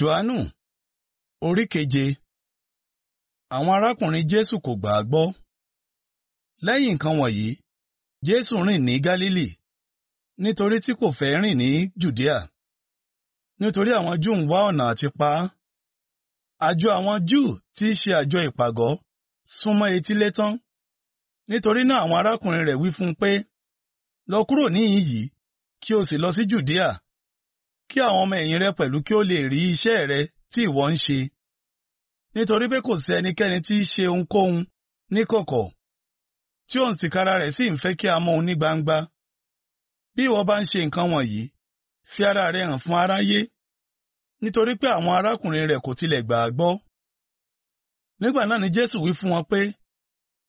Jòhánù orí keje àwọn arákùnrin Jésù kò gbà á gbọ́. Lẹ́yìn nǹkan wọ̀nyí, Jésù rìn ní Gálílì nítorí tí kò fẹ́ rìn ní Jùdíà nítorí àwọn Júù ń wá ọ̀nà àti pa á. Àjọ àwọn Júù tí í ṣe àjọ ìpàgọ́ súnmọ́ etílé tán nítorí náà àwọn arákùnrin rẹ̀ wí fún un pé lọ kúrò níhìn yìí kí o sì lọ sí Jùdíà kí àwọn ọmọ ẹ̀yìn rẹ pẹ̀lú kí ó lè rí iṣẹ́ rẹ tí ìwọ ń ṣe. Nítorí pé kò sí ẹnikẹ́ni tí í ṣe ohunkóhun ní kọ̀kọ̀, tí òun tìkára rẹ̀ sì ń fẹ́ kí a mọ òun ní gbangba. Bí ìwọ bá ń ṣe nǹkan wọ̀nyí, fi ara rẹ hàn fún aráyé, nítorí pé àwọn arákùnrin rẹ̀ kò tilẹ̀ gbà á gbọ́. Nígbà náà ni Jésù wí fún wọn pé,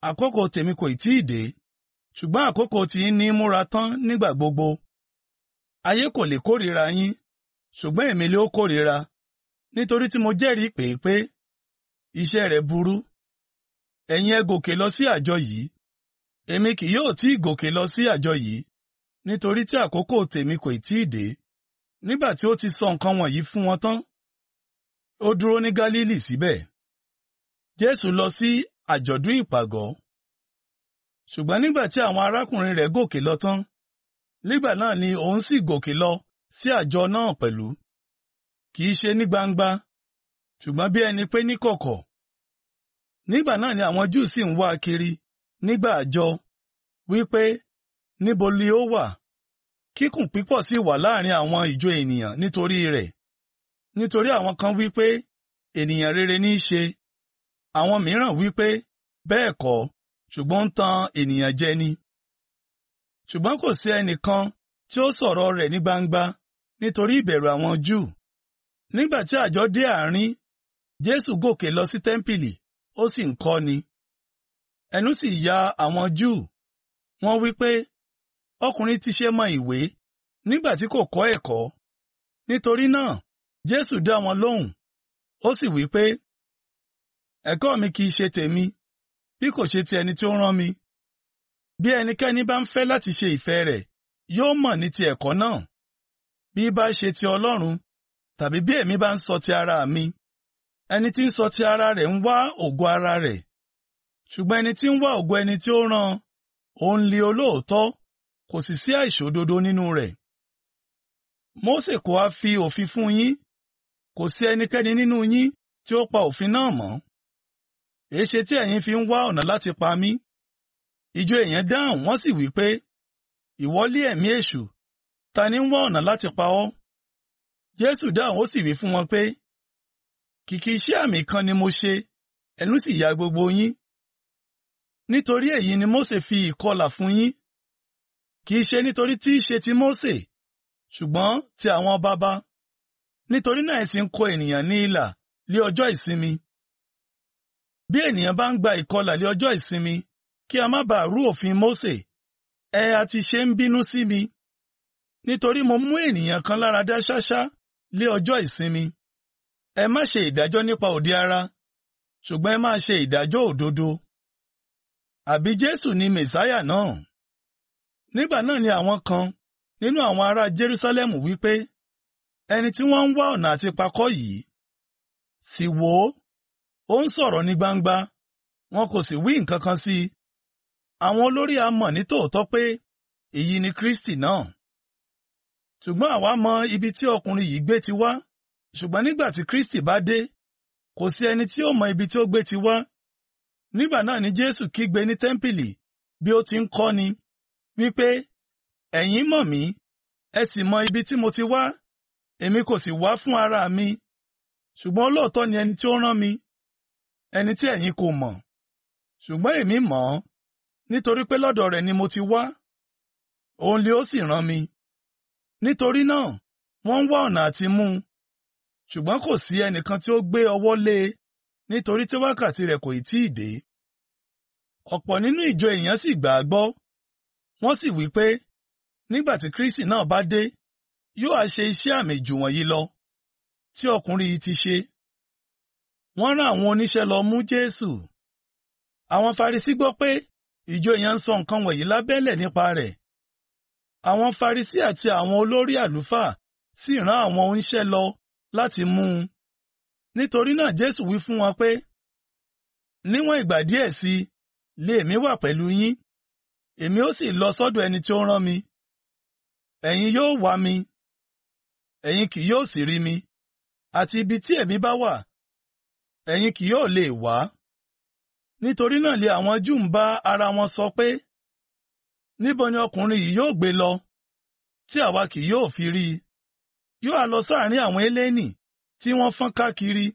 àkókò tèmi kò tí ì dé, ṣùgbọ́n àkókò tiyín ní múra tán nígbà gbogbo. Ayé kò lè kórìíra yín, ṣùgbọ́n èmi lé ó kórìíra nítorí tí mo jẹ́rìí pé pé iṣẹ́ rẹ̀ burú ẹ̀yin ẹ gòkè lọ sí àjọ yìí èmi kì yóò tí ì gòkè lọ sí àjọ yìí nítorí tí àkókò tèmi kò tí ì dé nígbà tí ó ti sọ nǹkan wọ̀nyí fún wọn tán ó dúró ní Gálílì síbẹ̀ Jésù lọ sí àjọ̀dún ìpàgọ́ ṣùgbọ́n nígbà tí àwọn arákùnrin rẹ̀ gòkè lọ tán nígbà náà ni òun sì gòkè lọ sí àjọ náà pẹ̀lú kì í ṣe ní gbangba ṣùgbọ́n bí ẹni pé ní kọ̀kọ̀ nígbà náà ni àwọn Júù sì ń wá kiri nígbà àjọ wípé níbo ni ó wà kíkùn pípọ̀ sì wà láàrin àwọn ìjọ ènìyàn nítorí rẹ̀ nítorí àwọn kan wípé ènìyàn rere ní í ṣe àwọn mìíràn wípé bẹ́ẹ̀ kọ́ ṣùgbọ́n ń tan ènìyàn jẹ ni ṣùgbọ́n kò sí ẹnìkan tí ó sọ̀rọ̀ rẹ̀ ní gbangba nítorí ìbẹ̀rù àwọn Júù. Nígbà tí àjọ dé àárín, Jésù gòkè lọ sí tẹ́ḿpìlì, ó sì ń kọ́ni. Ẹnu sì ya àwọn Júù. Wọ́n wí pé, ọkùnrin ti ṣe mọ ìwé nígbà tí kò kọ́ ẹ̀kọ́. Nítorí náà, Jésù dá wọn lóhùn. Ó sì wí pé, ẹ̀kọ́ mi kì í ṣe tèmi, bí kò ṣe ti ẹni tí ó rán mi. Bí ẹnikẹ́ni bá ń fẹ́ láti ṣe ìfẹ́ rẹ̀, yóò mọ̀ ní ti ẹ̀kọ́ náà bí bá ṣe ti Ọlọ́run tàbí bí èmi bá ń sọ ti ara mi ẹni tí ń sọ ti ara rẹ̀ ń wá ògo ara rẹ̀ ṣùgbọ́n ẹni tí ń wá ògo ẹni tí ó rán òun lè olóòótọ́ kò sì sí àìṣòdodo nínú rẹ̀. Mósè kò á fi òfin fún yín kò sí ẹnikẹ́ni nínú yín tí ó pa òfin náà mọ́. Èéṣe tí ẹ̀yin fi ń wá ọ̀nà láti pa mí? Ìjọ èèyàn dáhùn wọ́n sì wí pé, ìwọ ẹ̀mí èṣù ta ni ń wá ọ̀nà láti pa ọ́? Jésù dáhùn ó sì wí fún wọn pé, kìkì iṣẹ́ àmì kan ni mo ṣe, ẹnu sì ya gbogbo yín. Nítorí èyí ni mose, fi ìkọlà fún yín. Kì í ṣe nítorí tí í ṣe ti Mósè, ṣùgbọ́n ti àwọn bàbá. Nítorí náà ẹ̀sìn kọ ènìyàn ní ìlà lé ọjọ́ ìsinmi. Bí ènìyàn bá ń gba ìkọlà lé ọjọ́ ìsinmi, kí a má bàa rú òfin Mósè, ẹ a ṣe ń bínú sí mi nítorí mo mú ènìyàn kan lára dá ṣáṣá lé ọjọ́ ìsinmi. Ẹ má ṣe ìdájọ́ nípa òde ara, ṣùgbọ́n ẹ máa ṣe ìdájọ́ òdodo. Àbí Jésù ni Mèsáyà náà? Nígbà náà ni àwọn kan nínú àwọn ará Jerúsálẹ́mù wípé, ẹni tí wọ́n ń wá ọ̀nà àti pakọ́ yìí, sì wò ó, ó ń sọ̀rọ̀ ní gbangba, wọn kò sì wí nǹkan kan sí i. Àwọn olórí a mọ̀ ní tòótọ́ pé èyí ni Kristi náà ṣùgbọ́n àwa mọ ibi tí ọkùnrin yìí gbé ti wá ṣùgbọ́n nígbà tí Kristi bá dé kò sí ẹni tí ó mọ ibi tí ó gbé ti wá nígbà náà ni Jésù kígbe ní tẹ́ḿpìlì bí ó ti ń kọ́ni wípé ẹ̀yin mọ̀ mí ẹ sì mọ ibi tí mo ti wá èmi kò sì wá fún ara mi ṣùgbọ́n olóòótọ́ ni ẹni tí ó rán mi ẹni tí ẹ̀yin kò mọ̀ ṣùgbọ́n èmi mọ̀ ọ́ nítorí pé lọ́dọ̀ rẹ̀ ni mo ti wá òun lè ó sì rán mi Nítorí náà, wọ́n ń wá ọ̀nà àti mú un. Ṣùgbọ́n kò sí ẹnìkan tí ó gbé ọwọ́ lé e nítorí tí wákàtí rẹ̀ kò ì tíì dé. Ọ̀pọ̀ nínú ìjọ èèyàn sì gbà á gbọ́. Wọ́n sì wí pé, nígbà tí Kristi náà bá dé, yóò á ṣe iṣẹ́ àmì jù wọ̀nyí lọ, tí ọkùnrin yìí ti ṣe. Wọ́n rán àwọn oníṣẹ́ lọ mú Jésù. Àwọn Farisí gbọ́ pé ìjọ èèyàn ń sọ nǹkan wọ̀nyí lábẹ́lẹ̀ nípa rẹ̀ àwọn Farisí àti àwọn olórí àlùfáà sì rán àwọn oníṣẹ́ lọ láti mú un. Nítorí náà Jésù wí fún wọn pé, Níwọ̀n ìgbà díẹ̀ sí i, lé èmi wà pẹ̀lú yín, èmi ó sì lọ sọ́dọ̀ ẹni tí ó rán mi. Ẹ̀yin yóò wá mi, ẹ̀yin kì yóò sì rí mi, àti ibi tí èmi bá wà, ẹ̀yin kì yóò lè wá. Nítorí náà lé àwọn Júù ń bá ara wọn sọ pé, níbo ni ọkùnrin yìí yóò gbé lọ tí àwa kì yóò fi rí i yóò á lọ sáàárín àwọn eléni tí wọ́n fọ́n káàkiri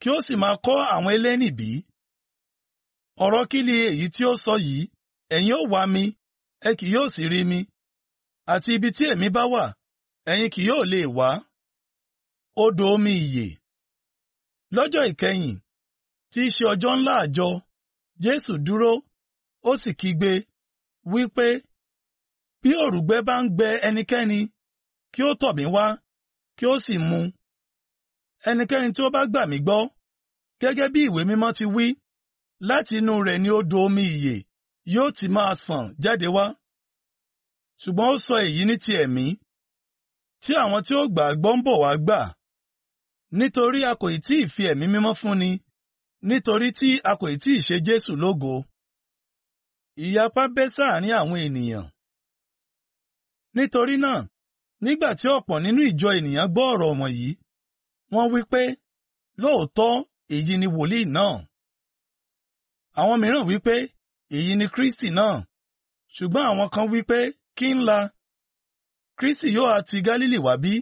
kí ó sì máa kọ́ àwọn eléni bí. ọ̀rọ̀ kí ni èyí tí ó sọ yìí ẹ̀yin ó wá mi ẹ kì yóò sì rí mi àti ibi tí èmi bá wà ẹ̀yin kì yóò lè wá. odò omi ìyè lọ́jọ́ ìkẹyìn tí í ṣe ọjọ́ ńlá àjọ Jésù dúró ó sì kígbe wípé bí òrùgbẹ bá ń gbẹ ẹnikẹ́ni kí ó tọ̀ mí wá kí ó sì mu ẹnikẹ́ni tí ó bá gbà mí gbọ́ gẹ́gẹ́ bí ìwé mímọ́ ti wí láti inú rẹ̀ ni odò omi ìyè yóò ti máa sàn jáde wá ṣùgbọ́n ó sọ èyí ní ti ẹ̀mí tí àwọn tí ó gbà gbọ́ ń bọ̀ wá gbà nítorí a kò ì tí ì fi ẹ̀mí mímọ́ fún ni nítorí tí a kò ì tí ì ṣe Jésù lógo ìyapa bẹ́ sáàrin àwọn ènìyàn. Nítorí náà, nígbà tí ọ̀pọ̀ nínú ìjọ ènìyàn gbọ́ ọ̀rọ̀ wọ̀nyí, wọ́n wí pé, lóòótọ́ èyí ni wòlíì náà. Àwọn mìíràn wí pé, èyí ni Kristi náà. Ṣùgbọ́n àwọn kan wí pé, kí ńlá? Kristi yóò á ti Gálílì wá bí?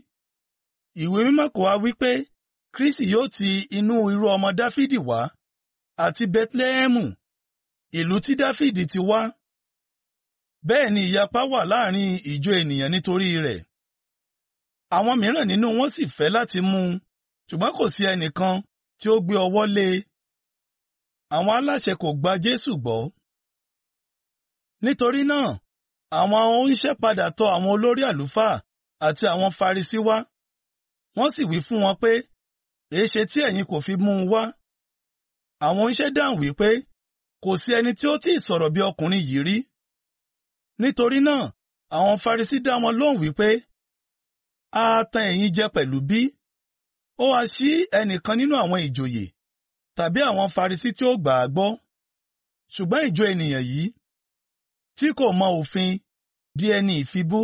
Ìwé mímọ́ kò wá wí pé, Kristi yóò ti inú irú ọmọ Dáfídì wá, àti Bẹ́tlẹ́hẹ́mù ìlú tí Dáfídì ti wá. Bẹ́ẹ̀ ni ìyapa wà láàrin ìjọ ènìyàn nítorí rẹ̀. Àwọn mìíràn nínú wọn sì fẹ́ láti mú un, ṣùgbọ́n kò sí ẹnìkan tí ó gbé ọwọ́ lé e. Àwọn aláṣẹ kò gba Jésù gbọ́. Nítorí náà, àwọn oníṣẹ́ padà tọ àwọn olórí àlùfáà àti àwọn Farisí wá. Wọ́n sì wí fún wọn pé, èéṣe tí ẹ̀yin kò fi mú un wá? Àwọn oníṣẹ́ dáhùn wí pé, kò sí ẹni tí ó tí ì sọ̀rọ̀ bí ọkùnrin yìí rí. Nítorí náà, àwọn Farisí dá wọn lóhùn wípé, a tan ẹ̀yin jẹ pẹ̀lú bí? Ó wá sí ẹnìkan nínú àwọn ìjòyè tàbí àwọn Farisí tí ó gbà á gbọ́. Ṣùgbọ́n ìjọ ènìyàn yìí tí kò mọ òfin di ẹni ìfibú.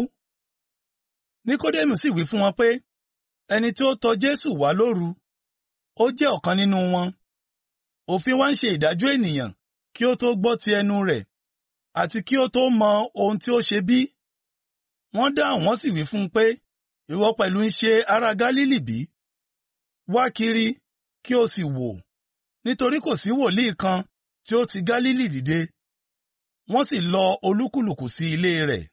Nikodemu sì wí fún wọn pé, ẹni tí ó tọ Jésù wá lóru, ó jẹ́ ọ̀kan nínú wọn. Òfin wa ń ṣe ìdájọ́ ènìyàn kí ó tó gbọ́ ti ẹnu rẹ̀ àti kí ó tó mọ ohun tí ó ṣe bí. Wọ́n dáhùn wọ́n sì wí fún un pé, ìwọ pẹ̀lú ń ṣe ará Gálílì bí? Wá kiri kí o sì wò, nítorí kò sí wòlíì kan tí ó ti Gálílì dìde. Wọ́n sì lọ olúkúlùkù sí ilé rẹ̀.